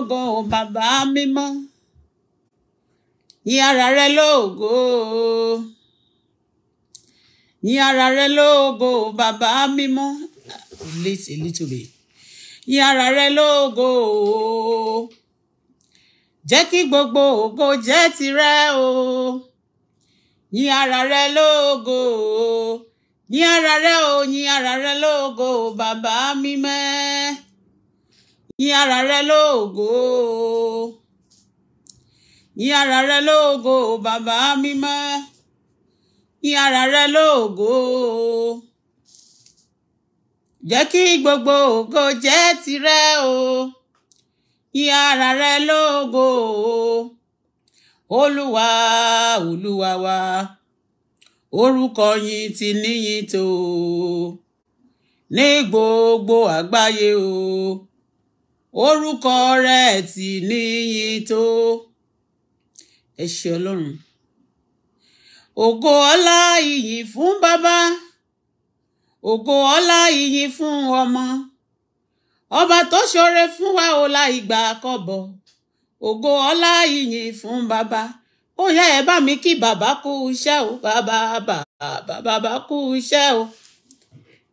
lógo bàbá mímọ́ yìn ara rẹ lógo yìn ara rẹ lógo bàbá mímọ́ late a little bit yìn ara rẹ lógo jẹ́ kí gbogbo ògo jẹ́ tirẹ o yìn ara rẹ lógo yìn ara rẹ o yìn ara rẹ lógo bàbá mímọ́ yìn ara rẹ lógo yìn ara rẹ lógo bàbá mímọ́ yìn ara rẹ lógo jẹ́ kí gbogbo ògo jẹ́ tirẹ̀ o yìn ara rẹ lógo olúwa olúwa wa orúkọ yín ti níyìn tó ní gbogbo àgbáyé o orúkọ rẹ̀ ti níyì tó ẹ ṣé ọlọ́run ògo ọlá ìyìn fún bàbá ògo ọlá ìyìn fún ọmọ ọba tó ṣoore fún wa ò la ìgbà àkọ́bọ̀ ògo ọlá ìyìn fún bàbá ó yá ẹ bá mi kí bàbá kú iṣẹ́ o bàbá bàbá bàbá kú iṣẹ́ o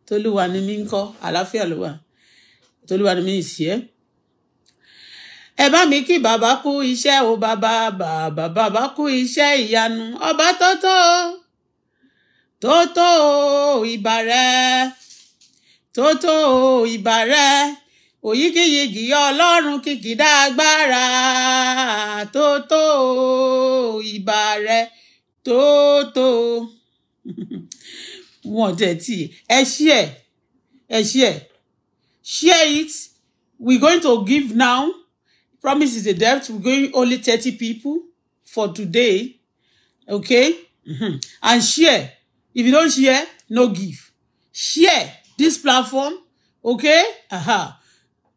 tolúwa ni mí ń kọ́ àlàáfíà ló wà tolúwa ni mí ń ṣe é ẹ bá mi kí bàbá kú iṣẹ́ o bàbá bàbá bàbá kú iṣẹ́ ìyanu ọba tótó tótó ìbà rẹ tótó ìbà rẹ òyígíyigì ọlọ́run kìkìdá agbára tótó ìbà rẹ tótó wọn tẹ̀tì ẹ share ẹ share share it we going to give now. Promise is a debt. We're going only 30 people for today. Okay? Mm-hmm. And share. If you don't share, no give. Share this platform. Okay? Aha.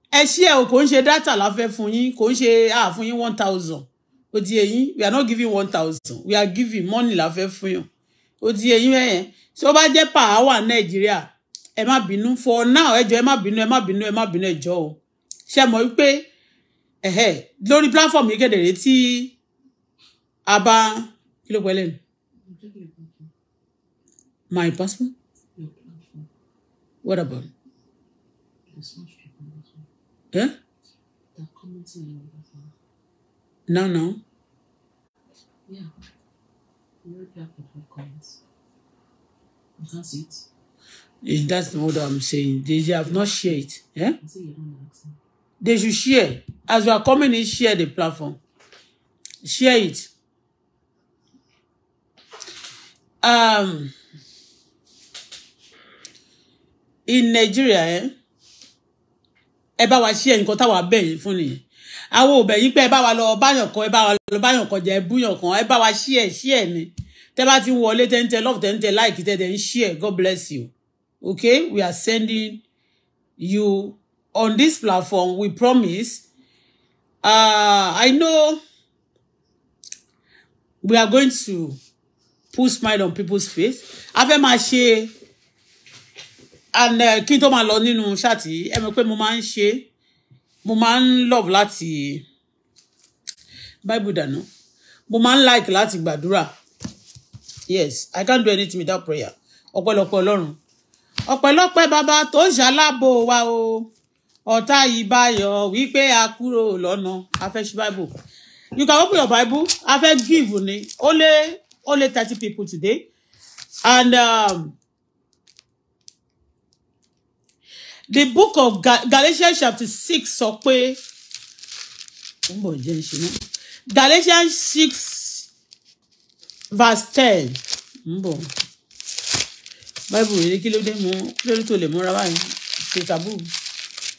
Ẹ share o kò ń ṣe data la fẹ́ share. yín kò one thousand ó di we are not giving one thousand we are giving money la fẹ́ fún yín ó di eyín ẹ̀yẹn tí ó bá jẹ́ pàáwà Nàìjíríà ẹ for now ẹ jọ̀ọ́ ẹ Binu. bínú ẹ má bínú ẹ má bínú ẹ jọ̀ọ́ o ṣe mọ̀ ẹ̀hẹ́ lórí platform yìí gẹ̀dẹ̀rẹ̀ tí a bá kí ló pẹ́lẹ́ nù my passport what about ẹ no no. Yeah. You can't see it. If that's what I'm saying. They have not shared Yeah. They should share. As you are coming in, share the platform. Share it. Um, in Nigeria, eh? Ẹ bá wa share nǹkan táwa bẹ̀ yín fún nìyẹn. Àwọn òbẹ̀ yín pé wa lo báyàn kan, ẹ wa lo báyàn kan jẹ́ ẹ búyàn kan, ẹ wa share share ni. Tẹ́ bá ti wọlé tẹ́ ń tẹ love tẹ́ ń like tẹ́ tẹ́ share. God bless you. Okay? We are sending you on this platform. We promise uh, I know we are going to put smile on people's face. A fẹ́ máa ṣe and uh, kí n tó máa lọ nínú ṣáàtì ẹ mọ̀ pé mo máa ń ṣe mo máa ń love láti Bible dànù mo máa ń like láti gbàdúrà yes I can't do anything without prayer ọpẹ́lọpẹ́ Ọlọ́run ọpẹ́lọpẹ́ bàbá tó ń ṣàlàbò wa o. Oh ọ̀tá yìí báyọ̀ wípé a kúrò lọ́nà a fẹ́ ṣí bible you can open your bible a fẹ́ give ni only lé thirty people today and um, the book of Gal Galatians chapter six sọ pé Galatians six verse ten bible yìí kí ló dé mú lórí tó lè múra báyìí ṣe tàbú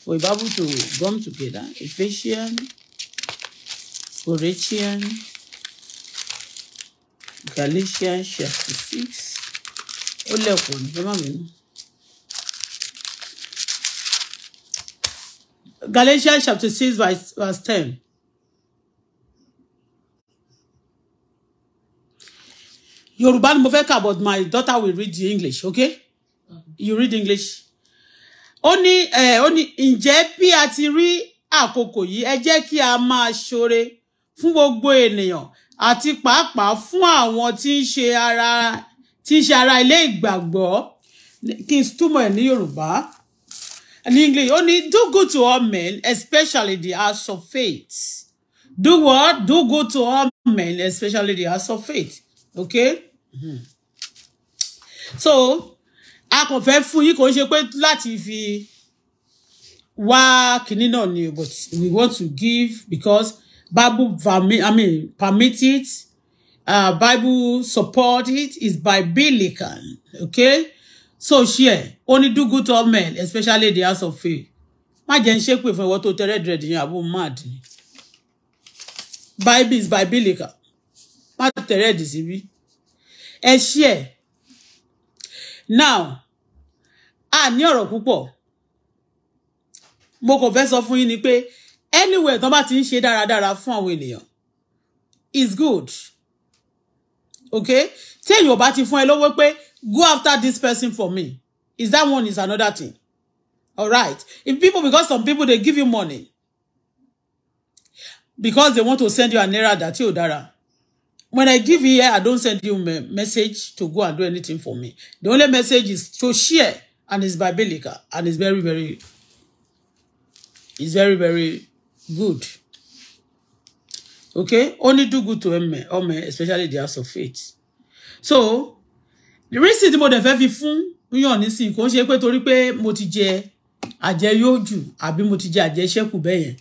for the Bible to come together. Ephesians, Corinthians, Galatians chapter six. Ó lẹ̀kọ́ ní ẹ má bínú. Galatians chapter six verse, verse ten. Yorùbá ni mo fẹ́ kà but my daughter will read the English okay. You read English ó ní ó ní ǹjẹ́ bí a ti rí àkókò yìí ẹ jẹ́ kí a máa ṣoore fún gbogbo ènìyàn àti pàápàá fún àwọn tí ń ṣe ara tí ń ṣe ara ilé ìgbàgbọ́ kí n túmọ̀ ẹ̀ ní Yorùbá ní English ó ní do good to all men especially the house of faith do what do good to all men especially the house of faith okay mm-hmm. so a kàn fẹ́ fún yín kò ń ṣe pé láti fi wá kinní náà ni but we want to give because Bible permit I mean permit it uh, Bible support it is biblical okay so share only do good to all men especially the house of faith má jẹ́ ń ṣépè fún ìwọ tó tẹ red red yẹn àbò mad ni Bible is biblical má tẹ red síbí ẹ share now a ní ọ̀rọ̀ púpọ̀ mo kò fẹ́ sọ fún yín ni pé anywhere tán bá ti ń ṣe dáradára fún àwọn ènìyàn is good okay tí èyàn bá ti fún ẹ lówó pé go after this person for me is that one is another thing all right if people because some people dey give you money because they want to send you an naira that you dara When I give here, I don't send you a message to go and do anything for me. The only message is to share, and it's biblical, and it's very, very, it's very, very good. Okay? Only do good to me, or men, especially the house of faith. So, the reason tí mo dẹ̀ fẹ́ fi fún yàn nísìnyí kò ń ṣe pé torí pé mo ti jẹ àjẹyó jù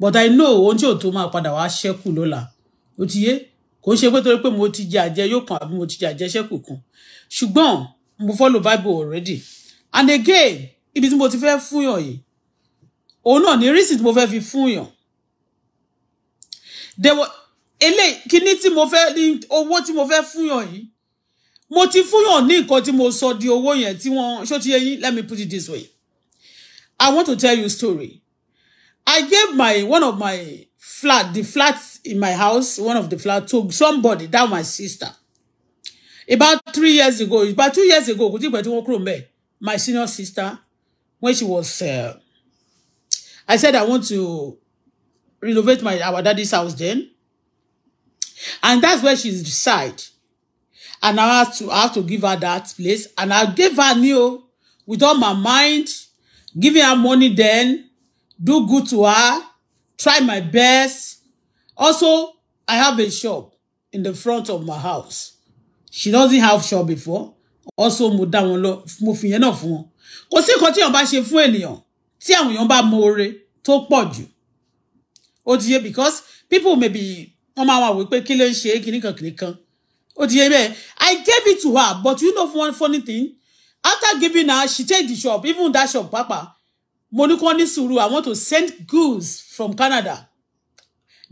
but I know onjo tí ò tó máa padà wá ṣẹ́kù kò ń ṣe pé torí pé mo ti jẹ àjẹ yóò kan àbí mo ti jẹ àjẹ ṣẹ́kù kan ṣùgbọ́n mo follow bible already and again ibi tí mo ti fẹ́ fún yàn yìí òun náà ní reason tí mo fẹ́ fi fún yàn dẹwọ ele kíní tí mo fẹ́ ní owó tí mo fẹ́ fún yìí mo ti fún ní nǹkan tí mo sọ di owó yẹn tí wọ́n ṣó ti yẹ yín let me put it this way I want to tell you a story I gave my one of my flat the flat in my house, one of the flat, to somebody, that my sister. About three years ago, about two years ago, my senior sister, when she was, uh, I said I want to renovate my our daddy's house then. And that's where she reside. And I have to I have to give her that place. And I gave her new with all my mind, giving her money then, do good to her, try my best. Also, I have a shop in the front of my house. She doesn't have shop before. Also, mo dá wọn lọ, mo fi yẹn náà fún wọn. Kò sí nǹkan tí èèyàn bá ṣe fún ènìyàn tí àwọn èèyàn bá mọ oore tó pọ̀ because people may be wọ́n máa wà wípé kí ló ń ṣe kìnnìkan kìnnìkan. Ó ti yé bẹ́ẹ̀. I gave it to her but you know one funny thing after giving her she take the shop even that shop papa mo ní kí wọ́n ní I want to send goods from Canada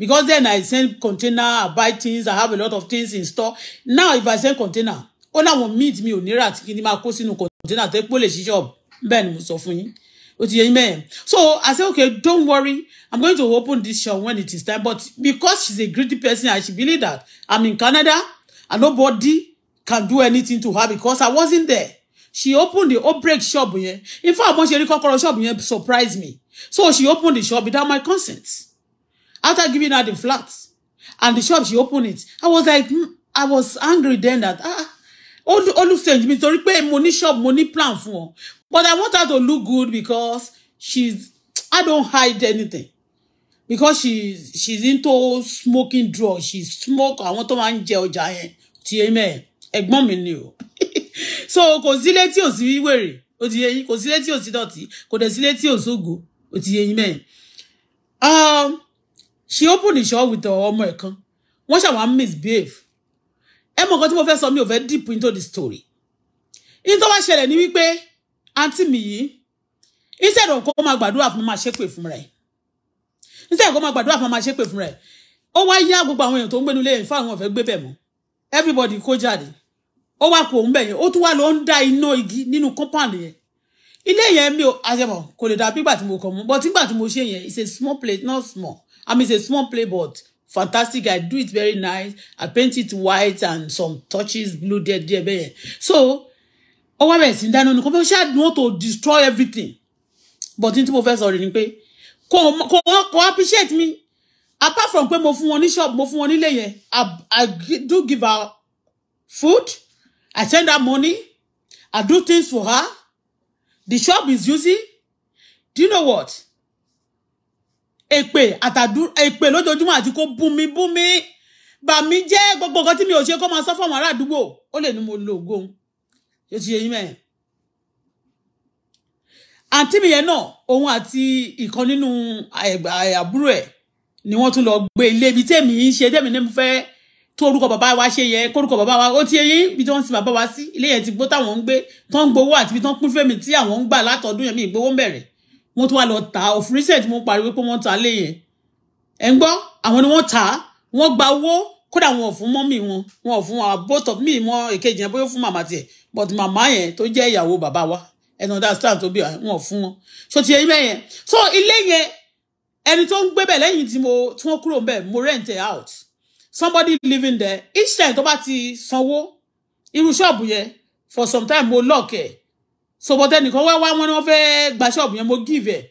because then I send container, I buy things, I have a lot of things in store. Now if I send container, ó láwọn meat mi ò ní rà tí kí máa kó sínú container tó pọ̀ lè ṣí shop bẹ́ẹ̀ ni mo sọ fún yín ó ti yẹ yín bẹ́ẹ̀. So I say okay don't worry I'm going to open this shop when it is time but because she's a greedy person and she believe that I'm in Canada and nobody can do anything to her because I wasn't there she opened the outbreak shop yẹn in fact mo ṣe rí kọ́kọ́rọ́ shop yẹn surprise me so she opened the shop without my consent. After giving her the flats and the shop, she opened it. I was like, mm, I was angry then that, ah, ó look strange mi torí pé mo ní shop money plan for. ọ but I want her to look good because she's I don't hide anything because she's she's into smoking drugs she smoke I want máa man jail ọjà yẹn ti amen new. so kò sílé tí ò sí wèrè ó ti yẹyin kò sílé tí ò sí dọ̀tí kò dẹ̀ sílé tí ò sógo ó ti yẹyin mẹ́rin. Um, she opened the shop with ọmọ ẹ̀ kan wọ́n ṣàwọn misbehave ẹ mọ̀ nǹkan tí mo fẹ́ sọ mi ò fẹ́ deep into the story in tó wá ṣẹlẹ̀ ní wípé àǹtí mi yìí instead of kó máa gbàdúrà fún máa ṣépè fún rẹ̀ instead kó máa gbàdúrà fún máa ṣépè fún rẹ̀ ó wá yá gbogbo àwọn èèyàn tó ń gbénu lẹ́yìn fún àwọn ọ̀fẹ́ gbé bẹ̀ mọ́ everybody kó jáde ó wá kó òun bẹ̀ yẹn ó tún wá lọ ń dá iná igi nínú compound yẹn ilé yẹn mi ò àṣẹmọ kò lè dà bí tí mo kọ mọ but ìgbà tí mo ṣe yẹn it's a small place not small I mean, it's a small play, but fantastic. I do it very nice. I paint it white and some touches blue there, there, there. So, ó wá bẹ̀rẹ̀ sí no dáná ní kó fẹ́ ṣáà to destroy everything. But ní tí mo fẹ́ sọ rẹ̀ ni pé appreciate me. Apart from pé mo money shop, mo money wọn I I do give her food, I send her money, I do things for her. The shop is using. Do you know what? èpè àtàdú èpè lójoojúmọ́ àti kó búmi búmi bà mí jẹ́ gbogbo nǹkan tí mi ò ṣe kó máa sọ fún àwọn ará àdúgbò ó lè ní mo lo ògo òun ṣé ti yé yín mẹ́rin àǹtí mi yẹn náà òun àti ìkan nínú àbúrò ẹ̀ ni wọ́n tún lọ gbé ilé ibi tẹ́mi ń ṣe tẹ́mi ní mo fẹ́ tó orúkọ bàbá wa ṣe yẹ kórúkọ bàbá wa ó ti yé yín ibi tí wọ́n sin bàbá wa sí ilé yẹn ti gbó táwọn ń gbé tó ń gbowó àti ibi tó ń pín tí àwọn ń gbà látọ̀dún yẹn mi ìgbowó ń bẹ̀rẹ̀ wọ́n tún wá lọ tà á òfin research mo pariwo pé wọ́n tà á léyìn ẹ̀ ń gbọ́ àwọn ni wọ́n tà á wọ́n gba owó kódà wọn ò fún mọ́mì wọn wọn ò fún wa both of me mọ́ èkejì yẹn bóyá fún màmá tiẹ̀ but màmá yẹn tó jẹ́ ìyàwó bàbá wa ẹnu ọ̀dà stand tó bí wọn ò fún wọn so ti yẹ ibẹ̀ yẹn so ilé yẹn ẹni tó ń gbébẹ̀ lẹ́yìn tí mo tí wọ́n kúrò bẹ́ẹ̀ mo rent it out somebody living there each time tó bá ti sanwó irú ṣọ́ọ̀bù yẹn for some time mo lock ẹ̀ sọ̀bọ̀tẹ́ nìkan wá wá wọn ni wọ́n fẹ́ẹ́ gba ṣọ́ọ̀bù yẹn mo give ẹ̀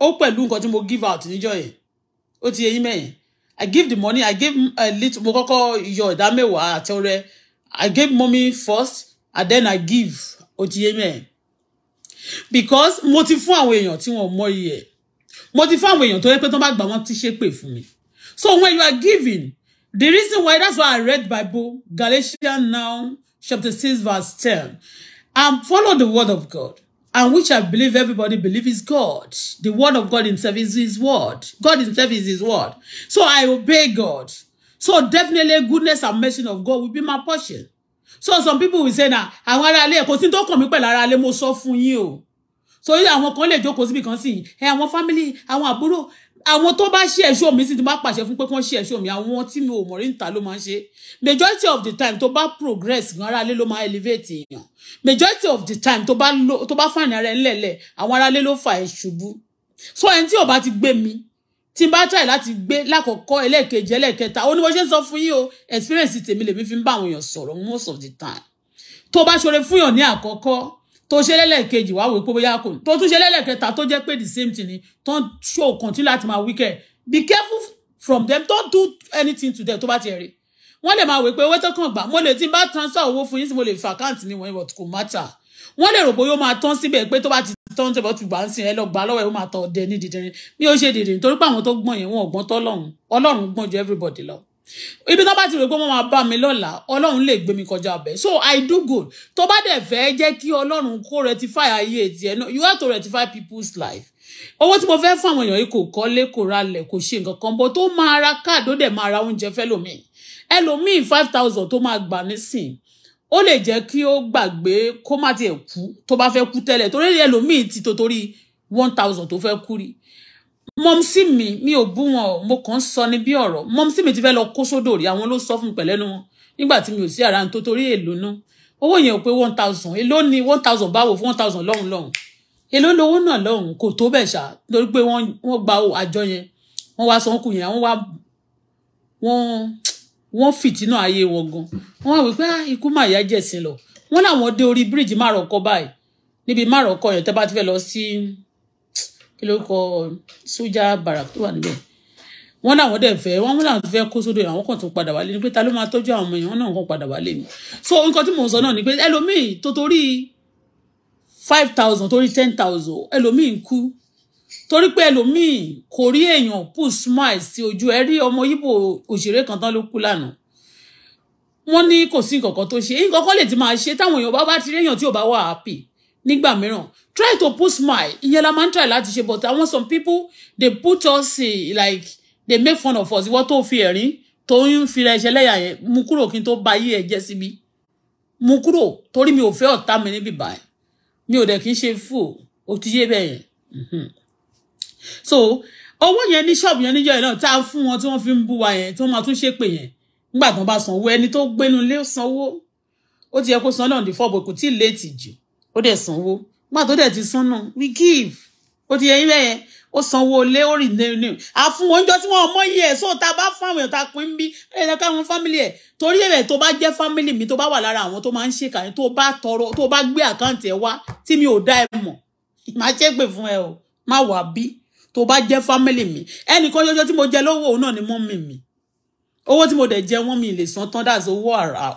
ó pẹ̀lú nǹkan tí mo give out níjọ́ yẹn ó ti yẹ yín I give the money I give a uh, little mo kọ́kọ́ yọ ìdá mẹ́wàá àti ọrẹ I give mommy first and then I give ó ti yẹ mẹ́yìn because mo ti fún àwọn èèyàn tí wọ́n mọ iye ẹ̀ mo ti fún àwọn èèyàn tó yẹ pé tó bá gbà wọ́n ti ṣépè fún mi so when you are giving the reason why that's why I read Bible Galatians now chapter six verse ten and um, follow the word of God, and which I believe everybody believe is God. The word of God himself is his word. God himself is his word. So I obey God. So definitely goodness and mercy of God will be my portion. So some people will say na àwọn ará ilé kò sí tó kàn mí pẹ̀lú ará ilé mo So fún yín o. So àwọn kan lè jókòó síbi kan sí ẹ àwọn family àwọn àbúrò àwọn tó bá ṣe ẹ̀ṣọ́ mi sì ti máa pàṣẹ fún pé kí wọ́n ṣe ẹ̀ṣọ́ mi àwọn tí mi ò mọ̀ rí níta ló máa ń ṣe majority of the time tó bá progress gan aráalé ló máa elevate èèyàn majority of the time tó bá lo tó bá fàìní ara ẹ̀ ńlẹ̀lẹ̀ àwọn aráalé ló fà ẹ̀ ṣubú so ẹni tí ò bá ti gbé mi tí n bá try láti gbé lákọ̀ọ́kọ́ ẹlẹ́ẹ̀kejì ẹlẹ́ẹ̀kẹta ó ní mo ṣe ń sọ fún yín o experience tèmi lèmi fi ń bá àwọn èèyàn sọ̀rọ̀ most of the time tó bá ṣoore fún yàn tó ṣe lẹ́lẹ́kejì wá wò pé bóyá kò tó tún ṣe lẹ́lẹ́kẹta tó jẹ́ pé the same thing ni tó ń ṣó continue láti máa wíkẹ̀ be careful from them don't do anything to them tó bá ti rí wọ́n lè máa wò pé owó tó kàn gbà mo lè ti bá transfer owó fún yín sí mo lè fi àkáǹtì mi wọ̀nyí but kò matter wọ́n lè rò bóyá ó máa tán síbẹ̀ pé tó bá ti tán tó bá ti gbà ń sìn ẹ lọ gbà lọ́wọ́ ẹ ó máa tọ̀ ọdẹ ní dídìrín mi ò ṣe dìdìrín torí pé àwọn tó gbọ́n yẹn wọn ò gbọ́n tọ́lọ́run ọlọ́run gbọ́n ju everybody lọ ibi tó bá ti rò pé wọ́n máa bá mi lọ́la ọlọ́run lè gbé mi kọjá ọbẹ̀ so i do good tó bá dẹ̀ fẹ́ jẹ́ kí ọlọ́run kó rectify ayé tiẹ̀ náà you have to rectify people's life owó tí mo fẹ́ fún àwọn èèyàn yìí kò kọ́lé kò ralẹ̀ kò ṣe nǹkan kan bó tó máa ra káàdì ó máa ra oúnjẹ fẹ́lòmíì ẹlòmíì five thousand tó máa gbà nísìn ó lè jẹ́ kí ó gbàgbé kó má tiẹ̀ kú tó bá fẹ́ kú tẹ́lẹ̀ torí ẹlòmíì ti tó torí one thousand tó fẹ́ kú rí mọ́mísì mi mi ò bú wọn o mo kàn ń sọ ni bí ọ̀rọ̀ mọ́mísì mi ti fẹ́ lọ kó sódò rí àwọn ló sọ fún mi pẹ̀lẹ́nu wọn nígbà tí mi ò sí àrà tó torí èlò náà owó yẹn pé one thousand èló ni one thousand báwo fún one thousand lọ́hùn lọ́hùn èló lowó náà lọ́hùn kò tó bẹ̀ ṣá torí pé wọ́n gba àjọ yẹn wọ́n wá sọ ọkùnrin àwọn wá wọ́n wọ́n fìtínà ayé wọn gan wọ́n wá wípé ah, ikú mà yá jẹ̀sìn lọ wọ́n làwọn dé orí bíríìjì márọ̀kọ báyìí níbi márọ̀kọ yẹn tẹ́ bá ti fẹ́ lọ sí. Si, kí lórúkọ sójà barak tó wà níbẹ̀ wọ́n náà wọ́n dẹ̀ fẹ́ wọ́n mú làwọn tó fẹ́ kó sódò àwọn kan tó padà wálé ni pé ta ló máa tọ́jú àwọn ọmọ yẹn wọ́n náà kàn padà wálé ni so nǹkan tí mò ń sọ náà ni pé ẹlòmíì tó torí five thousand torí ten thousand ẹlòmíì ń kú torí pé ẹlòmíì kò rí èèyàn pù smile sí ojú ẹ rí ọmọ yíbo òṣèré kan tán ló kú lánàá wọ́n ní kò sí nǹkan kan tó ṣe nǹkan kan lè ti máa ṣe táwọn èèyàn bá bá ti rí èèyàn tí ò bá wà happy nígbà mìíràn try to put smile ìyẹn la máa ń try láti ṣe but àwọn some people they put us like they make fun of us ìwọ tó fi ẹ̀rín tó ń fira ẹ̀ṣẹ̀ lẹ́yà yẹn mú kúrò kí n tó ba ayé ẹ̀ jẹ́ síbi mú kúrò torí mi ò fẹ́ ọ̀tá mi níbi báyìí mi ò dẹ̀ kí n ṣe fò ó ti yé bẹ́ẹ̀ yẹn mhm. so owó yẹn ní ṣọ́ọ̀bù yẹn níjọ́ yẹn náà tá a fún wọn tí wọ́n fi ń bú wa yẹn tí wọ́n máa tún ṣépè yẹn nígbà tó bá sanwó ẹni tó gbénu lé sanwó ó ti yẹ kó san náà ní fọ́ọ̀bù kò tí ì léètì jù ó dẹ̀ sanwó má tó dẹ̀ ti sún náà we give ó ti yẹ yín bẹ́yẹn ó sanwó lé ó rì nínú àfún oúnjẹ tí wọn mọ yẹ so tá a bá fún àwọn èèyàn tá a pín bí ẹ lọ káwọn fámìlì ẹ torí ẹ tó bá jẹ́ fámìlì mi tó bá wà lára àwọn tó máa ń ṣèkà ni tó bá tọrọ tó bá gbé àkáǹtì ẹ wá tí mi ò dá ẹ mọ̀ máa jẹ́ pé fún ẹ o má wà bí tó bá jẹ́ fámìlì mi ẹnìkan ṣoṣo tí mo jẹ lọ́wọ́ òun náà ni mọ́ mi mi owó tí mo dẹ̀ jẹ wọ́n mi lè san tán dàsí owó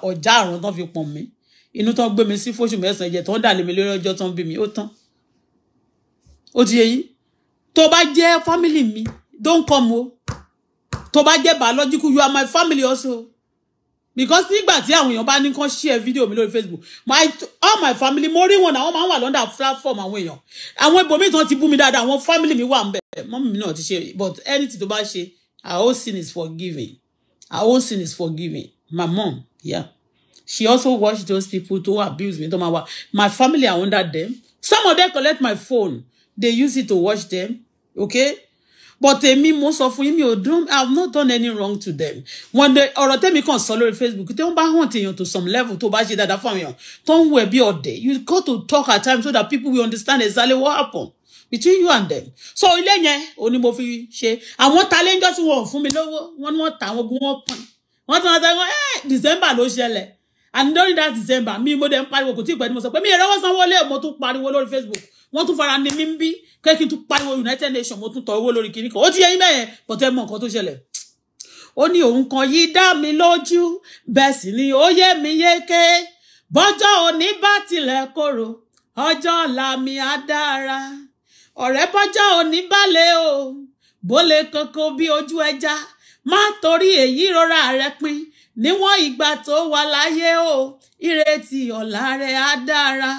ọjà àrùn tán fi pọ̀n mi inú tán gbé mi sí fóṣù mẹ́sàn-án ẹ̀jẹ̀ tán dà lé mi lórí ọjọ́ tán bí mi ó tán ó ti yẹ yín tó bá jẹ́ family mi don't come o tó bá jẹ́ biological you are my family also because nígbà tí àwọn èèyàn bá ní kán share video mi lórí facebook my all my family mo rí wọn àwọn máa ń wà lọ́ndà platform àwọn èèyàn àwọn ibòmíì tán ti bú mi dáadáa àwọn family mi wà ń bẹ̀ mọ́mí mi náà ti ṣe but anything tó bá ṣe our own sin is forgiving our own sin is forgiving my mom yeah she also watched those people who abuse me. Don't matter. My family are under them. Some of them collect my phone. They use it to watch them. Okay? But èmi mo sọ fún yín mi I have not done any wrong to them. When they or tell me come solo lórí Facebook they wọ́n bá you to some level to bá that dáadáa you. Don't èèyàn tó ń wẹ̀ You got to talk at times so that people will understand exactly what happened between you and them. So ilé yẹn o ni mo fi ṣe àwọn ta lẹ́jọ́ tí wọ́n fún mi lówó wọ́n ní wọ́n ta àwọn one time. pọ̀n. Wọ́n ti wọ́n sọ ẹ́ December and during that december mi mo dẹ̀ ń pariwo kò tí ì pẹ́ ni mo sọ pé mi ìrọwọ́ sanwó lé mo tún pariwo lórí facebook wọ́n tún fara ni mí ń bí kẹ́kí tún pariwo united nations mo tún tọ owó lórí kìnìkan ó ti yẹ yín bẹ́ẹ̀ pọ̀tẹ́ mọ nǹkan tó ṣẹlẹ̀ ó ní òun kan yìí dá mi lójú bẹ́ẹ̀ sì ni ó yé mi yéké bọ́jọ́ òní bá tilẹ̀ korò ọjọ́ ọ̀la mi á dára ọ̀rẹ́ bọ́jọ́ òní bá lé o bó lè kankan bí ojú ẹja má torí èyí rọra rẹ pin níwọ̀n ìgbà tó wà láyé o ìrètí ọ̀la rẹ̀ á dára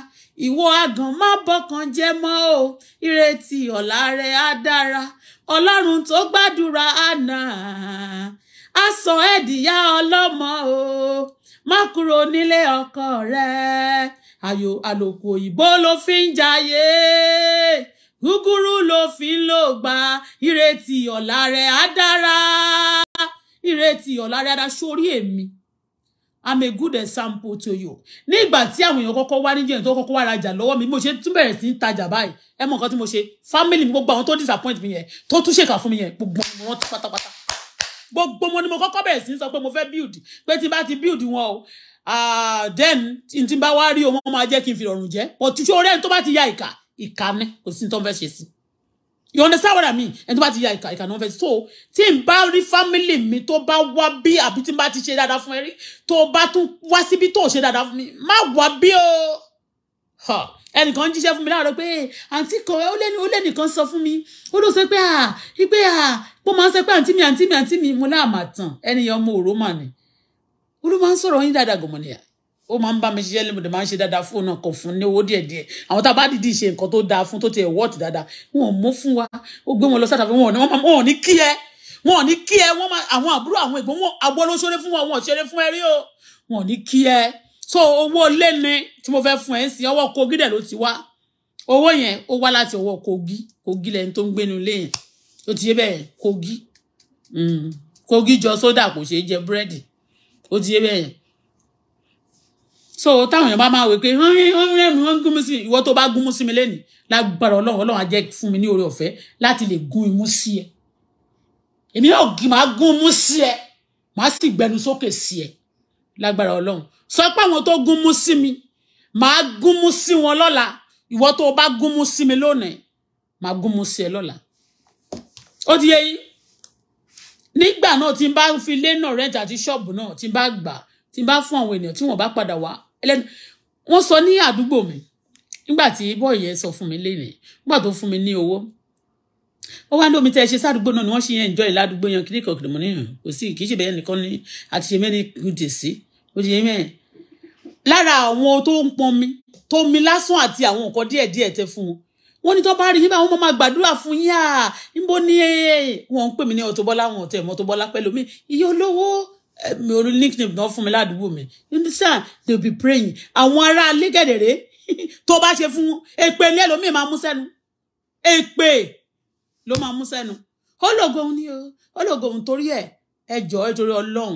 ìwọ àgàn má bọkàn jẹ́ mọ́ o ìrètí ọ̀la rẹ̀ á dára ọlọ́run tó gbàdúrà àná á sọ ẹ́ ọlọ́mọ o má kúrò nílé ọkọ rẹ ayò àlòkù òyìnbó ló fi ń jayé gúgúrú ló fi ń lò ìrètí ọ̀la rẹ̀ á dára ìrètí ọ̀la rárá sórí èmi i'm a good example to you ní ìgbà tí àwọn èèyàn kọ́kọ́ wá níjẹ́ tó kọ́kọ́ wá rajà lọ́wọ́ mi mo ṣe tún bẹ̀rẹ̀ sí ń tajà báyìí ẹ mọ nǹkan tí mo ṣe family mi gbogbo àwọn tó disappoint mi yẹn tó tún ṣèkà fún mi yẹn gbogbo àwọn wọn tún pátápátá gbogbo wọn ni mo kọ́kọ́ bẹ̀rẹ̀ sí ń sọ pé mo fẹ́ build pé tí n bá ti build wọn o then tí n bá wá rí o wọn máa jẹ́ kí n fi rọrùn jẹ́ but ṣó rẹ́ni tó bá ti ya ìkà ìkà ni kò sí ní tó ń fẹ́ ṣe sí i you understand what i mean ẹni tó bá ti ya ìkà ìkà náà fẹ́ so tí n bá rí family mi tó bá wá bí àbí tí n bá ti ṣe dáadáa fún ẹ rí tó bá tún wá síbi tó ṣe dáadáa fún mi má wá bí o ẹnìkan jíṣẹ́ fún mi láàárọ̀ pé àǹtí kan ó lẹ́nu ó lẹ́nìkan sọ fún mi ó ló sọ pé à pé à pé ó máa ń sọ pé àǹtí mi àǹtí mi àǹtí mi mo náà mà tàn ẹnìyàn ọmọ òró mà ní ó ló máa ń sọ̀rọ̀ yín dáadáa gọ̀mọ̀nìyàn ó máa ń bá mi ṣiṣẹ́ lẹ́mọ̀dé máa ń ṣe dáadáa fún ọ̀nà kan fún ní owó díẹ̀díẹ̀ àwọn tá a bá dìdí ṣe nǹkan tó dáa fún tó tiẹ̀ wọ́ọ̀tì dáadáa wọn ò mú fún wa ó gbé wọn lọ sáà tàbí wọn ò ní kí ẹ wọn ò ní kí ẹ wọn àwọn àbúrò àwọn ìgbọ́n wọn àgbọ́ ló ṣeré fún wọn wọn ò ṣeré fún ẹ rí o wọn ò ní kí ẹ so owó lẹ́ni tí mo fẹ́ fún ẹ ń sin ọwọ́ kogi dẹ̀ ló ti wá owó yẹn ó wá láti ọwọ́ kogi kogi lẹ́ni tó ń gbénu ilé yẹn ó ti yé bẹ́ẹ̀ kogi hmm. kogi jọ sódà kò ṣeé jẹ búrẹ́dì ó ti yé bẹ́ẹ̀ yẹn so táwọn èèyàn bá máa wè pé wọ́n gún mi sí ìwọ tó bá gún mú sí mi lẹ́nìí lágbára ọlọ́run ọlọ́run á jẹ́ fún mi ní oore ọ̀fẹ́ láti lè gún imú sí ẹ èmi náà kì máa gún sí ẹ màá sì gbẹnu sókè sí ẹ lágbára ọlọ́run sọ pé àwọn tó gún sí mi màá gún mú sí wọn lọ́la ìwọ tó bá gún mú sí mi lónìí màá gún mú sí ẹ lọ́la ó ti yẹ yín nígbà náà tí n bá fi lé náà rẹ́ǹtì àti ṣọ́ọ̀bù náà tí n bá gbà á tí n bá fún àwọn ènìyàn tí wọ́n bá padà wá ẹlẹ́nu wọ́n sọ ní àdúgbò mi nígbà tí bọ́ọ̀ yẹn sọ fún mi léèrè nígbà tó fún mi ní owó wọ́n wá ní omi tẹ́ ẹ ṣe sádùúgbò náà ni wọ́n ṣe yẹn enjoy ládùúgbò yan kíní kan kìdìmọ̀ níyàn kò sí kì í ṣe bẹ́ẹ̀ nìkan ní àti ṣe mẹ́rin gùdè sí ó ti yẹ mẹ́rin lára àwọn tó ń pọn mi tó mi lásán àti àwọn nǹkan díẹ̀díẹ̀ tẹ fún wọn wọ́n ní tó bá rí yín wọn máa gbàdúrà fún yín níbo ni eh, wọ́n ń pè mí ní Auto wọn ọtẹ mọ Auto mi iye olówó mi ò ní nickname náà fún mi ládùúgbò mi you understand they be praying àwọn ará alẹ́ gẹ̀dẹ̀rẹ́ tó bá ṣe fún èpè ní ẹlòmíì máa mú sẹ́nu èpè ló máa mú sẹ́nu ológun ni o ológun torí ẹ ẹ jọ̀ọ́ nítorí Ọlọ́run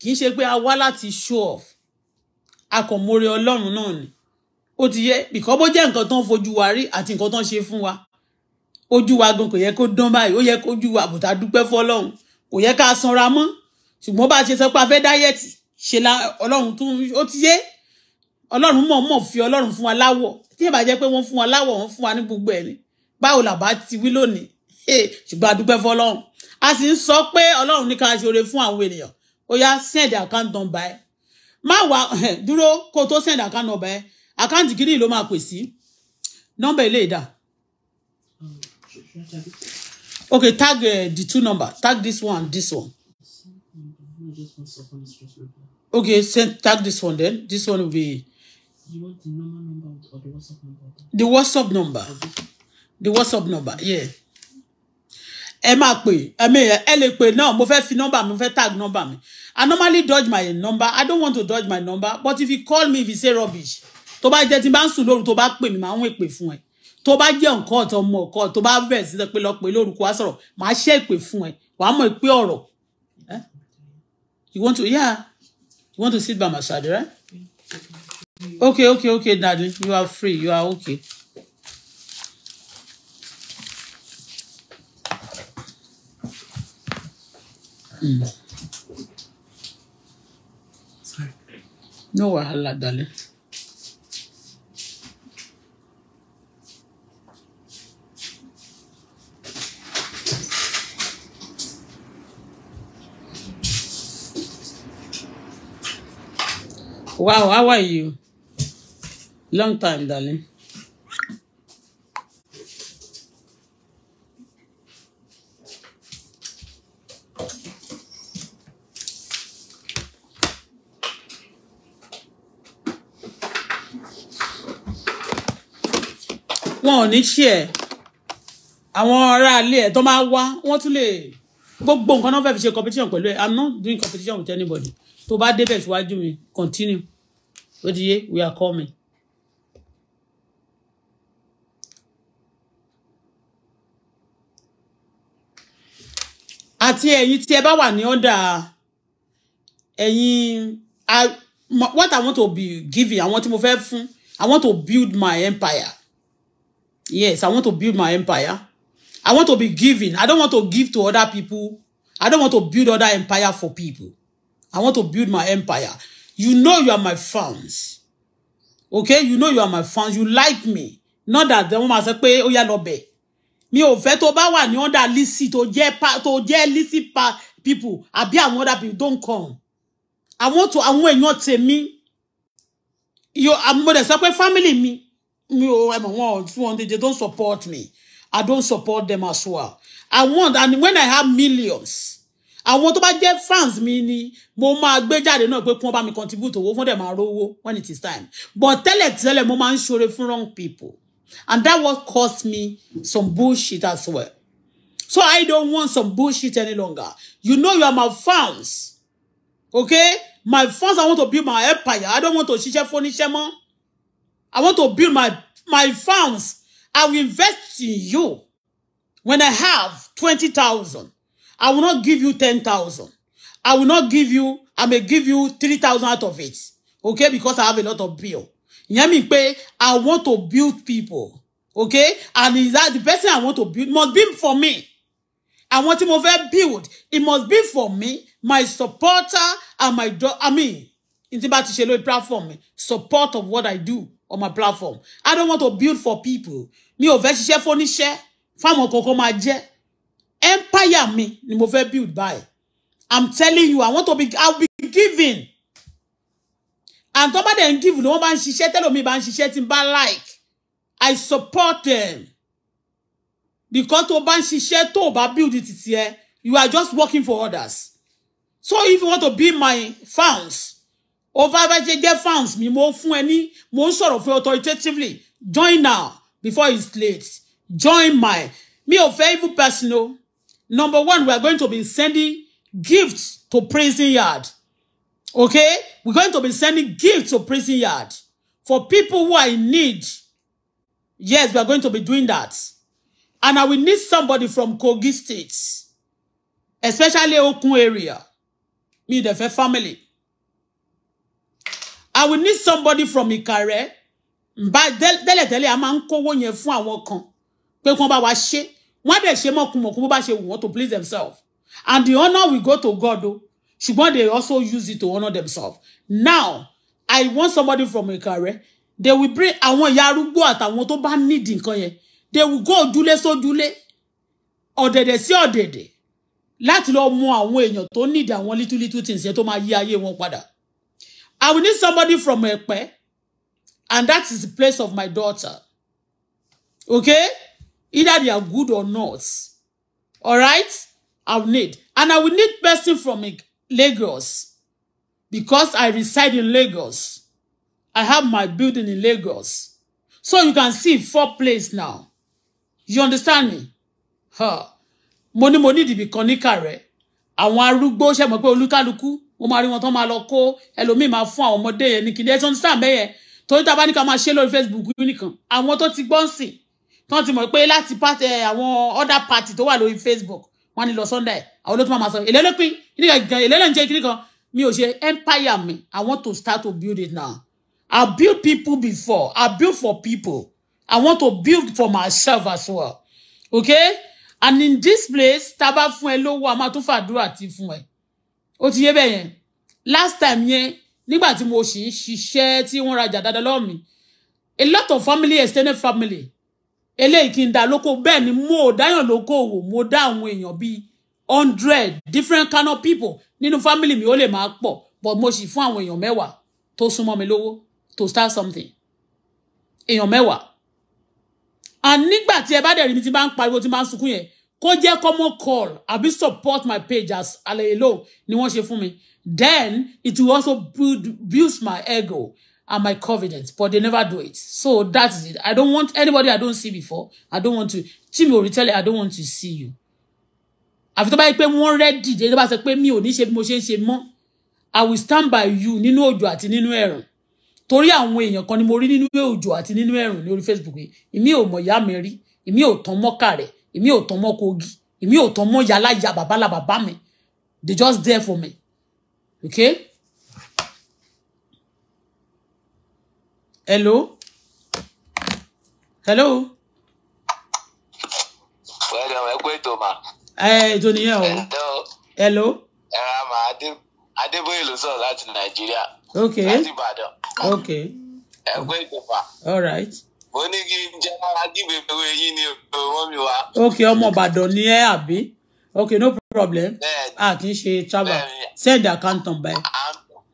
kì í ṣe pé a wá láti show off akọ̀mọ́re Ọlọ́run náà ni ó ti yẹ bìkọ́ bó jẹ́ nǹkan tó ń fojú wa rí àti nǹkan tó ń ṣe fún wa ojú wa gan kò yẹ kó dán báyìí ó yẹ kójú wa àbùtà dúpẹ́ fọlọ́run kò yẹ ká sanra mọ́ ṣùgbọ́n bá a ṣe sọ pé a fẹ́ dáyẹ̀tì ṣe la ọlọ́run tún ó ti yé ọlọ́run mọ̀ mọ̀ fi ọlọ́run fún wa láwọ̀ tí ẹ bá jẹ́ pé wọ́n fún wa láwọ̀ wọ́n fún wa ní gbogbo ẹ̀ ni báwo làbá ti wí lónìí ṣùgbọ́n a dúpẹ́ fọlọ́run a sì ń sọ pé ọlọ́run ní ká ṣoore fún àwọn ènìyàn ó yá send account number ẹ má wà dúró kó o tó send account number ẹ àkáǹtì kìíní ló máa pè sí nọ́mbà ilé ìdá okay tag uh, the two number tag this one this one Okay, send tag this one then. This one will be. You want the normal number or the WhatsApp number? The WhatsApp number. The WhatsApp number, yeah. ẹ máa pè ẹ mi ẹ lè pè náà mo fẹ́ fi nọ́mbà tag number mi I normally dodge my number I don't want to dodge my number but if you call me if you say rubbish tó bá jẹ́ tí n bá ń sùn lóru tó bá pè mí màá ń èpè fún ẹ tó bá jẹ́ nǹkan ọ̀tọ̀ ọmọ ọ̀kọ́ My bá bẹ̀rẹ̀ sí pé lọ pé lórúkọ wá sọ̀rọ̀ You want to, yeah. You want to sit by my side, right? Okay, okay, okay, Daddy. You are free. You are okay. Mm. Sorry. No wahala, darling. Wow, how are you? Long time, darling. wọn ò ní ṣí ẹ àwọn ará ilé ẹ tó máa wá wọn tún lè gbogbo nǹkan náà fẹẹ fi ṣe competition pẹ̀lú ẹ i'm not doing competition with anybody tó bá débẹ̀ síwájú mi continue ó ti yé we are coming. àti ẹ̀yin tí ẹ bá wà ní ọ̀dà ẹ̀yin what I want to be giving àwọn tí mo fẹ́ fún I want to build my empire yes I want to build my empire I want to be giving I don't want to give to other people I don't want to build other empire for people I want to build my empire. You know you are my fans. Okay? You know you are my fans. You like me. Not that the woman máa sọ pé ó yá lọ bẹ̀. Mi ò fẹ́ tó bá wà ní under Lizzy tó jẹ́ tó jẹ́ Lizzy pa people àbí àwọn other people don't come. Àwọn tó àwọn èèyàn me. Yo I'm mother. Say, pé family Me, mi ò ẹ̀mọ̀ wọn two hundred they don't support me. I don't support them as well. I want and when I have millions àwọn tó bá jẹ́ fans mi ni mo máa gbé jáde náà pé kí wọ́n bá mi contribute owó fún dẹ̀ máa when it is time but tẹ́lẹ̀ tẹ́lẹ̀ mo máa ń ṣoore fún wrong people and that what cost me some bullshit as well so I don't want some bullshit any longer you know you are my fans okay my fans I want to build my empire I don't want to ṣiṣẹ́ fóníṣẹ́ mọ́ I want to build my my fans I will invest in you when I have twenty thousand I will not give you 10,000. I will not give you, I may give you 3,000 out of it. Okay? Because I have a lot of bill. Ìyẹn mi pé I want to build people. Okay? And is that the person I want to build must be for me. I want him over build. It must be for me, my supporter, and my, I mean, in the bá ti ṣe platform support of what I do on my platform. I don't want to build for people. Mi ò fẹ́ ṣiṣẹ́ fóníṣẹ́ fáwọn kankan máa jẹ́ empire mi ni mo fẹ́ build by. i'm telling you i want to be i'll be giving and tó bá dẹ̀ ń give ni wọ́n bá ń ṣiṣẹ́ tẹ́lómi bá ń ṣiṣẹ́ tí n bá like i support them because tó bá ń ṣiṣẹ́ tó bá build títí ẹ you are just working for others so if you want to be my fans over bá ṣe jẹ́ fans mi mo fún ẹ ní mo ń sọ̀rọ̀ fún authoritatively join now before it's late join my me ò fẹ́ even person Number one, we are going to be sending gifts to prison yard. Okay? We're going to be sending gifts to prison yard for people who are in need. Yes, we are going to be doing that. And I will need somebody from Kogi State, especially Okun area. Me, the family. I will need somebody from Ikare. Tẹ́lẹ̀tẹ́lẹ̀, a máa ń kówó yẹn fún àwọn kan pé kí wọ́n bá wa ṣe é wọ́n dẹ̀ ṣe mọ̀kùmọ̀kù bó bá ṣe wù wọ́n to please themselves and the honour we go to God o ṣùgbọ́n they also use it to honour themselves now I want somebody from Ikare they will bring àwọn ìyá arúgbó àtàwọn tó bá nídìí nǹkan yẹn they will go ojúlé sójúlé ọ̀dẹ̀dẹ̀ sí ọ̀dẹ̀dẹ̀ láti lọ mú àwọn èèyàn tó nídìí àwọn little little things yẹn tó máa yí ayé wọn padà I will need somebody from Ẹ̀pẹ́ and that is the place of my daughter okay. Either they are good or not. All right? I will need. And I will need person from Lagos because I reside in Lagos. I have my building in Lagos. So you can see four place now. You understand me? Huh. Mo ní di nídìí ibìkan ní kàrẹ́. Àwọn arúgbó ṣe mọ̀ pé olúkálukú mo máa rí wọn tán máa lọ kó ẹlòmíì máa fún àwọn ọmọdé yẹn ní understand bẹ́yẹn? Torí tá a bá ní ká máa ṣe lórí Facebook nìkan. Àwọn tó ti gbọ́n sìn tán ti mọ̀ pé láti pàtẹ eh, àwọn other party tó wà lórí Facebook wọ́n ní lọ Sunday àwọn olótùmọ̀ máa sọ èlé ló pín èlé ló ń jẹ́ kiri kan mi ò ṣe empire mi I want to start to build it now I build people before I build for people I want to build for myself as well okay and in this place tá a bá fún ẹ lówó a máa tún fàdúrà tí fún ẹ ó ti yé bẹ́ẹ̀ yẹn last time yẹn nígbà tí mo sì ń ṣiṣẹ́ tí wọ́n rajà dáadáa lọ́wọ́ mi a lot of family extended family eléyìí kí n dá lóko bẹ́ẹ̀ ni mo dáyàn lóko òwò mo dá àwọn èèyàn bíi hundred different kind of people nínú family mi ó lè máa pọ̀ but mo sì fún àwọn èèyàn mẹ́wàá tó súnmọ́ mi lówó to start something èèyàn mẹ́wàá and nígbà tí ẹ bá dẹ̀ rí mi tí bá ń pariwo tí bá ń sunkún yẹn kó jẹ́ common call àbí support my page as alelo ni wọ́n ṣe fún mi then it will also build build my ego and my covenant but they never do it so that's it i don't want anybody i don't see before i don't want to tí mi ò rí tẹ́lẹ̀ i don't want to see you After tó bá one red wọ́n rẹ́dì tó bá me on this ò ní i will stand by you nínú ojo àti nínú ẹ̀rùn torí and èèyàn kan ni mo rí ojo òjò àti nínú ẹ̀rùn on facebook Imi o ò mọ̀ ìyá mi rí èmi ò tán mọ́ kàrẹ̀ kogi Imi o Tomo Yala yàrá ìyá bàbá they just there for me okay. Hello? Hello? Wẹ́ẹ̀dì ọ̀rẹ́ pé ètò mà. Ẹ ètò nìyẹn o. Hello? Ẹ̀rọ àmà eh, Adébóyè ló sọ̀rọ̀ láti Nàìjíríà. Ok. Láti Ìbàdàn. Ok. Ẹ pé ètò mà. All right. Mo ní kí n jẹ́ agbègbè yín ni owó mi wá. Ok, ọmọ Ìbàdàn ni ẹ àbí? Ok, no problem. Bẹ́ẹ̀ni. A kì í ṣe travel. Send account number.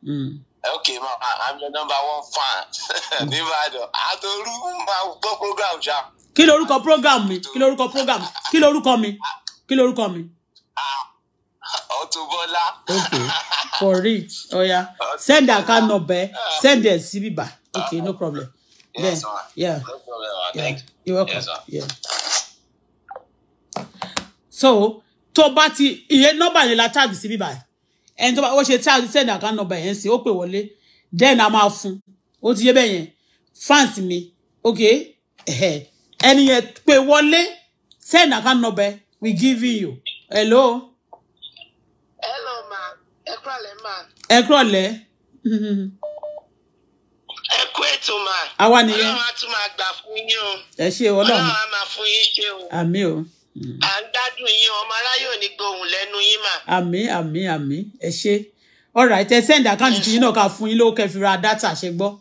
Mm okay ma i'm your number one fan nìbàdàn àtòrú máa gbọ́ program ṣá. kí lorúkọ program mi kí lorúkọ program kí lorúkọ mi kí lorúkọ mi. ọtúbọlá. okay for reach oya oh, yeah. send account number send it sí bíbá okay no problem. Then, yes, yeah. No problem, yeah. You. You're welcome. Yes, yeah. So, tó bá ti ìyẹn nọ́mbà yẹn la charge sí bíbá yìí. ẹni tó bá wọ́n ṣe tí a ti send account number yẹn sí ó pè wọlé then a máa fún ó ti yé bẹ́ẹ̀ yẹn france mi ok ẹni yẹn pè wọlé send account number we give you hello. hello ma ẹ kúrọ̀lẹ́ ma. ẹ kúrọ̀lẹ́. ẹ kú ètò ma. àwa nìyẹn. ọlọ́run á tún máa gbà fún yín o. ẹ ṣe ọlọ́run. ọlọ́run á máa fún yín ṣe o. àmín o. Mm. à ń gbádùn yín ọmọ aráyò ní gbohùn lẹ́nu yín mà. àmín àmín àmín ẹ ṣe alright ẹ send account tí yín náà ká fún yín lówó kẹfì ra data ṣe gbọ́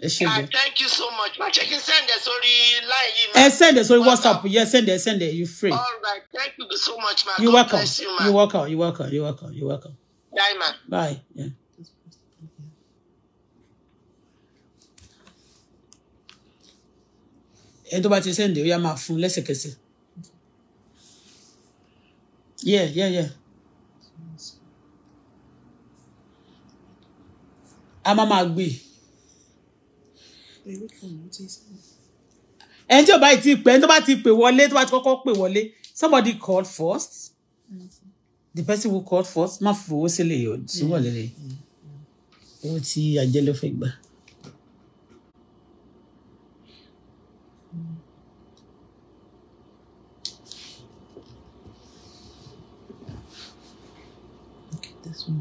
ẹ ṣe ah, gbọ́. thank you so much ma ṣe kí n send ẹ sórí line yìí ma. ẹ send ẹ sórí whatsapp yẹ send ẹ send ẹ you free. alright thank you so much ma god bless you ma. you welcome you welcome you welcome you welcome. bye ma. bye. Yeah. ẹni tó bá ti sẹ́ǹdẹ̀ ó yá máa fún lẹ́sẹ̀kẹsẹ̀. Yeah, yeah, yeah. A máa máa gbé. Ẹni tí ò bá ti pè ẹni tó bá ti pè wọlé tó bá ti kọ́kọ́ pè wọlé somebody called first the person who called first má fowó sílẹ̀ yọ̀ sí wọlé rẹ̀ mm. owó tí ajẹ́ ló fẹ́ gbà. Two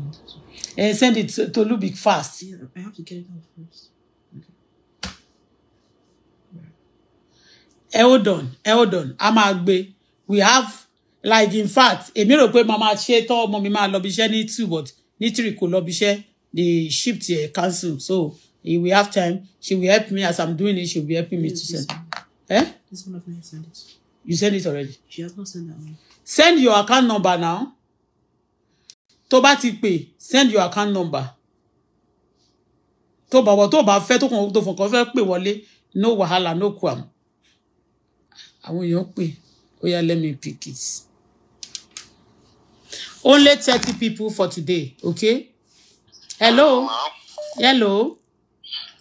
eh, send it to, to Lubic fast. Yeah, I have to get it out first. Okay. Yeah. Hold on, eh, hold on. A máa We have, like, in fact, a rò pé Mama ṣe tó Mommy mi máa lọ bíṣẹ́ ní two, but ní three kò lọ bíṣẹ́. The shift here cancel. So if we have time, she will help me as I'm doing it. She will be helping me to send. One. Eh? This one of mine send it. You send it already? She has not sent that one. Send your account number now tó bá ti pè send your account number tó bá wọ tó bá fẹ́ tó kàn tó fọkàn fẹ́ pè wọlé no wahala no kwam àwọn èèyàn pè ó yá let me pick it only thirty people for today okay hello hello.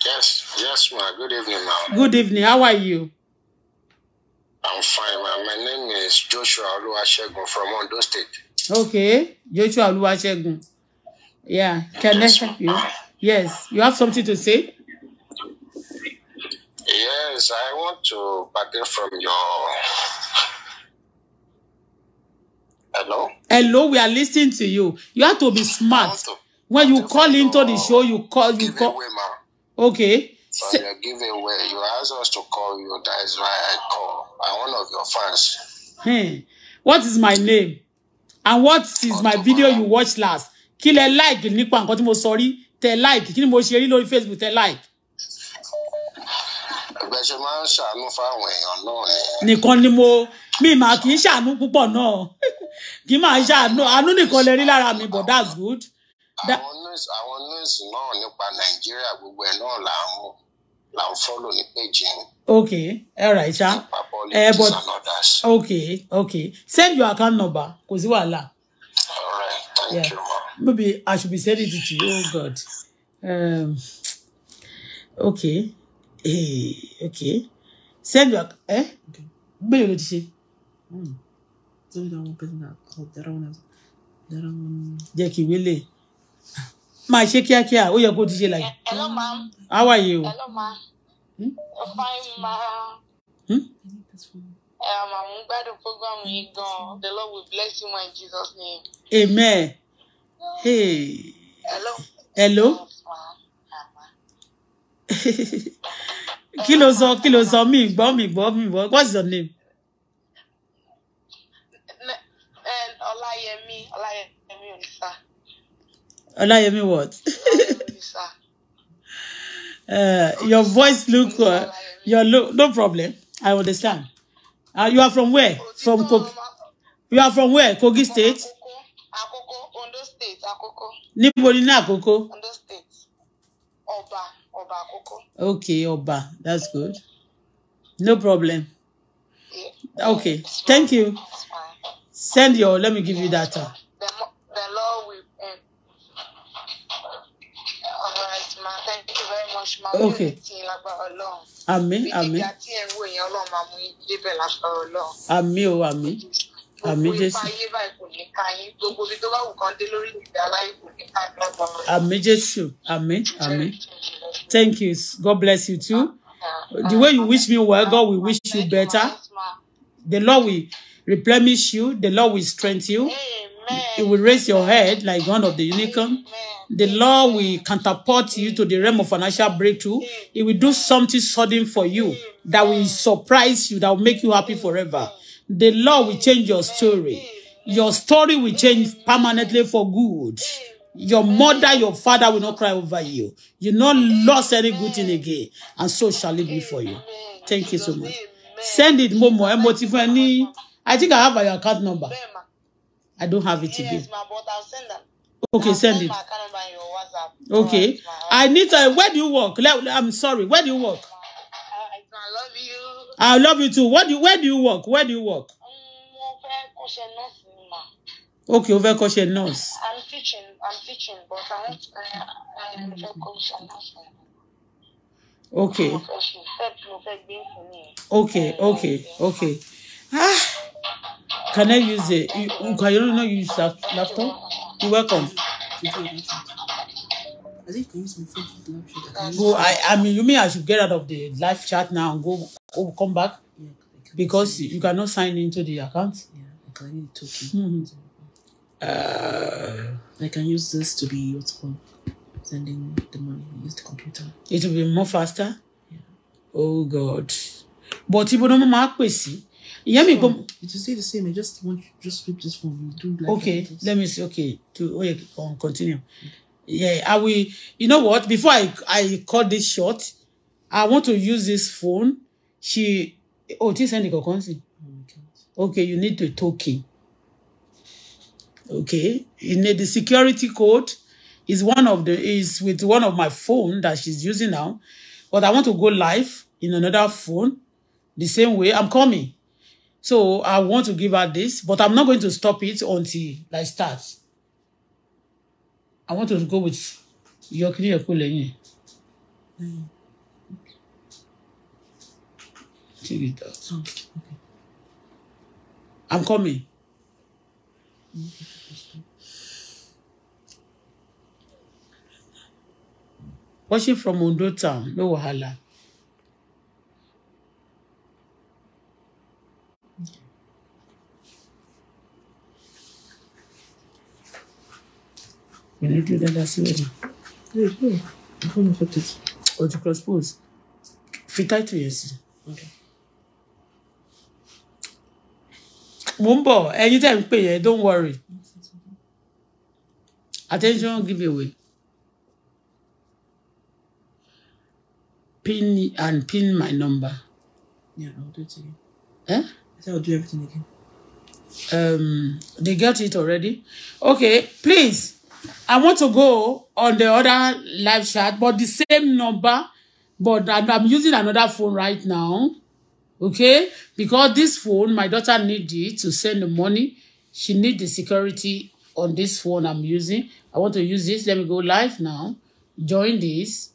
yes yes ma good evening ma. good evening how are you. i'm fine ma my name is Joshua Oluwasegun from Ondo State. Okay, Joshua Oluwasegun. Yeah, can I help you? Yes, you have something to say? Yes, I want to partake from your. Hello? Hello, we are listening to you. You have to be smart. when you call into the show, you call. You call. Away, okay. So you give away. You asked us to call you. That is why I call. I'm one of your fans. Hmm. What is my name? and what is my video you watch last kí lẹ like nípa nǹkan tí mo sọ rí tẹ like kí ni mo ṣe rí lórí facebook tẹ like. ìgbà ṣe máa ń ṣàánú fáwọn èèyàn náà nìkan ni mo mi máa kì í ṣàánú púpọ̀ náà kì í máa ṣàánú àánú nìkan lè rí lára mi but that's good. àwọn nọ́ọ̀sì náà nípa nàìjíríà gbogbo ẹ̀ náà là ń là ní péjì. ok all right ṣá. Sure eh, but, and others. Okay, okay. Send your account number. Kò sí wàhálà. All right. Thank yeah. you, ma. Maybe I should be sending it to you. Oh, God. Um, okay. Hey, eh, okay. Send your... Eh? Okay. Bẹ́ẹ̀ ló ti ṣe. Tell hmm. me that one person that called. That one has... That one... Jackie, kí wele. Máa ṣe kíákíá, Oh, you kó ti ṣe Like. Eh, hello, ma'am. How are you? Hello, ma. Hmm? Fine, ma. Hmm? Màmú gbádùn prógrámù program. gan-an. The Lord will bless you in Jesus' name. Amen. Hey. Hello. Hello. kí ló sọ kí ló sọ mi gbọ́ mi gbọ́ mi gbọ́ what's your name. Ọláyẹmí Ọláyẹmí Olùsà. Ọláyẹmí what? uh, your voice look uh, your look no problem. I understand. Uh, you are from where? From Kogi. You are from where? Kogi State? Akoko, Ondo State, Akoko. Níbo na ní Akoko? Ondo State. Oba, Oba, Akoko. Okay, Oba, that's good. No problem. Yeah. Okay, thank you. Send your, let me give you data. Uh. The, the law will, um, all right, ma, thank you náà ṣe Amen. Amen. ìrètí lágbára Ọlọ́run. àmín àmín. ìdíje o àmín. àmín Jésù. gbogbo ipa ayé báyìí thank you God bless you too. Ah, the way you ah, wish me well God will wish you better. the Lord will replenish you the Lord will strengthen you. Amen. will raise your head like one of the unicorn. The Lord will counterpart you to the realm of financial breakthrough. It will do something sudden for you that will surprise you, that will make you happy forever. The Lord will change your story. Your story will change permanently for good. Your mother, your father will not cry over you. You not lost any good thing again. And so shall it be for you. Thank you so much. Send it, Momo. I think I have your account number. I don't have it again. Yes, ma, but I'll send that. Okay, I'll send it. Okay. I need to. Where do you work? Let. I'm sorry. Where do you work? I love you I love you too. What do where do you work? Where do you work? Mm, okay, over kosher nurse. I'm teaching. I'm teaching, but I want I am kosher nurse. Okay. Okay, eh, okay, okay. Ah, can I use it? can you not use laptop? You're welcome. Go, I, I mean, you mean I should get out of the live chat now and go, go come back? Yeah, because you cannot sign into the account? Yeah, because I need a token. Mm-hmm. Uh, I can use this to be what's called Sending the money, use the computer. It will be more faster? Yeah. Oh, God. But ibo ni mo máa pè sí? ìyẹn me gbọ́. it will stay the same i just want just flip this phone we do like okay like let me see okay to oh yeah, um, continue yeah i will you know what before i i cut this short i want to use this phone she oh this send kankan si okay you need the token okay you need the security code is one of the is with one of my phone that she's using now but i want to go live in another phone the same way i'm coming So I want to give her this, but I'm not going to stop it until I start. I want to go with your Yokuleni. Mm. Okay. Take it out. Oh, okay. I'm coming. Watching from Ondo town, no wahala. ìlú dúró dáadáa sílẹ̀ náà o ti cross pose fi táìtù yẹn sí. mo ń bọ̀ ẹ̀yin tẹ́ ń pè yẹn don't worry attention give me away pin and pin my number. Yeah, I'll do it again. Eh? I said I'll do everything again. Um, they got it already. Okay, please. I want to go on the other live chat, but the same number, but I'm, I'm using another phone right now. Okay? Because this phone, my daughter need it to send the money. She need the security on this phone I'm using. I want to use this. Let me go live now. Join this.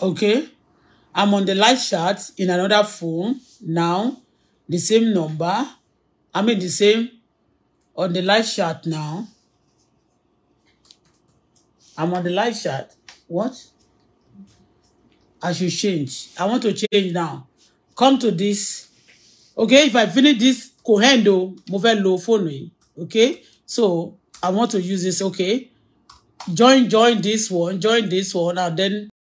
Okay? I'm on the live chat in another phone now the same number. I mean the same on the live chat now. I'm on the live chat. What? I should change. I want to change now. Come to this. Okay, if I finish this, kò end move mo low phone yìí. Okay, so I want to use this. Okay, join, join this one, join this one, and then.